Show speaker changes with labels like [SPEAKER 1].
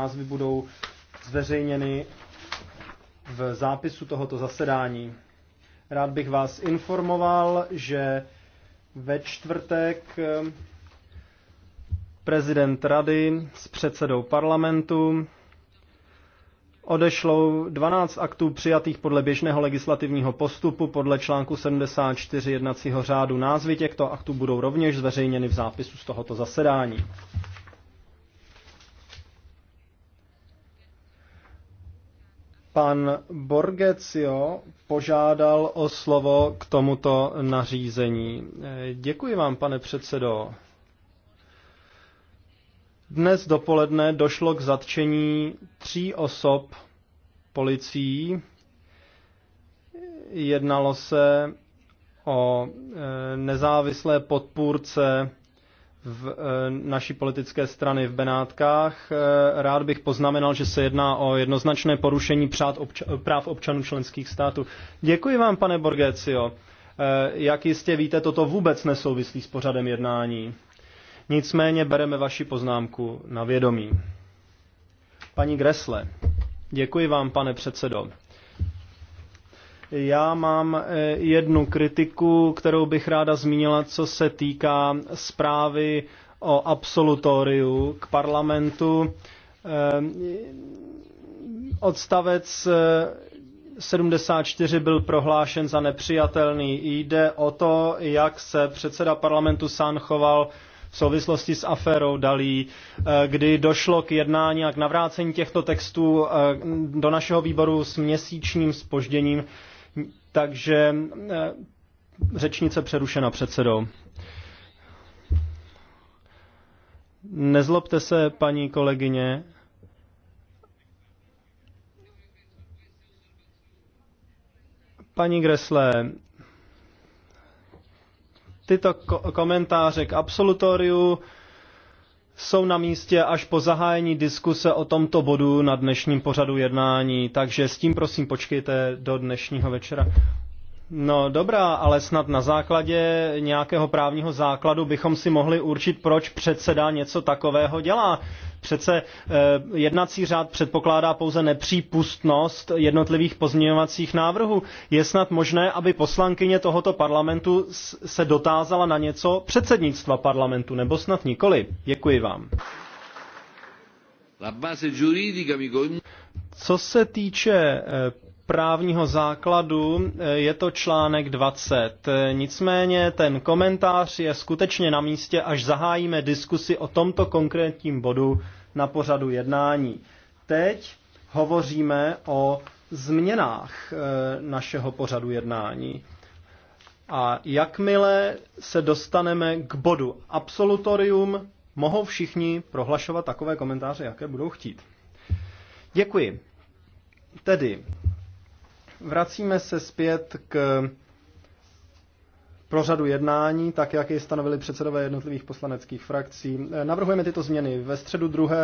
[SPEAKER 1] názvy budou zveřejněny v zápisu tohoto zasedání. Rád bych vás informoval, že ve čtvrtek eh, prezident rady s předsedou parlamentu odešlo 12 aktů přijatých podle běžného legislativního postupu podle článku 74 jednacího řádu. Názvy těchto aktů budou rovněž zveřejněny v zápisu z tohoto zasedání. Pan Borgecio požádal o slovo k tomuto nařízení. Děkuji vám, pane předsedo. Dnes dopoledne došlo k zatčení tří osob policií. Jednalo se o e, nezávislé podpůrce v eh, naší politické strany v Benátkách. Eh, rád bych poznamenal, že se jedná o jednoznačné porušení práv občanů členských států. Děkuji vám, pane Borgecio. Eh, jak jistě víte, toto vůbec nesouvislí s pořadem jednání. Nicméně bereme vaši poznámku na vědomí. Paní Gresle, děkuji vám, pane předsedo. Já mám eh, jednu kritiku, kterou bych ráda zmínila, co se týká zprávy o absolutoriu k parlamentu. Eh, odstavec 74 eh, byl prohlášen za nepřijatelný. Jde o to, jak se předseda parlamentu Sán choval v souvislosti s aférou Dalí, kdy došlo k jednání a k navrácení těchto textů do našeho výboru s měsíčním spožděním takže eh, řečnice přerušena předsedou. Nezlobte se, paní kolegyně, paní Gresle, tyto ko- komentáře k absolutoriu jsou na místě až po zahájení diskuse o tomto bodu na dnešním pořadu jednání, takže s tím prosím počkejte do dnešního večera. No dobrá, ale snad na základě nějakého právního základu bychom si mohli určit, proč předseda něco takového dělá. Přece eh, jednací řád předpokládá pouze nepřípustnost jednotlivých pozměňovacích návrhů. Je snad možné, aby poslankyně tohoto parlamentu se dotázala na něco předsednictva parlamentu, nebo snad nikoli. Děkuji vám. Co se týče eh, právního základu eh, je to článek 20. Eh, nicméně ten komentář je skutečně na místě, až zahájíme diskusi o tomto konkrétním bodu na pořadu jednání. Teď hovoříme o změnách eh, našeho pořadu jednání. A jakmile se dostaneme k bodu absolutorium, mohou všichni prohlašovat takové komentáře, jaké budou chtít. Děkuji. Tedy Vracíme se zpět k prořadu jednání, tak jak je stanovili předsedové jednotlivých poslaneckých frakcí. Navrhujeme tyto změny. Ve středu 2.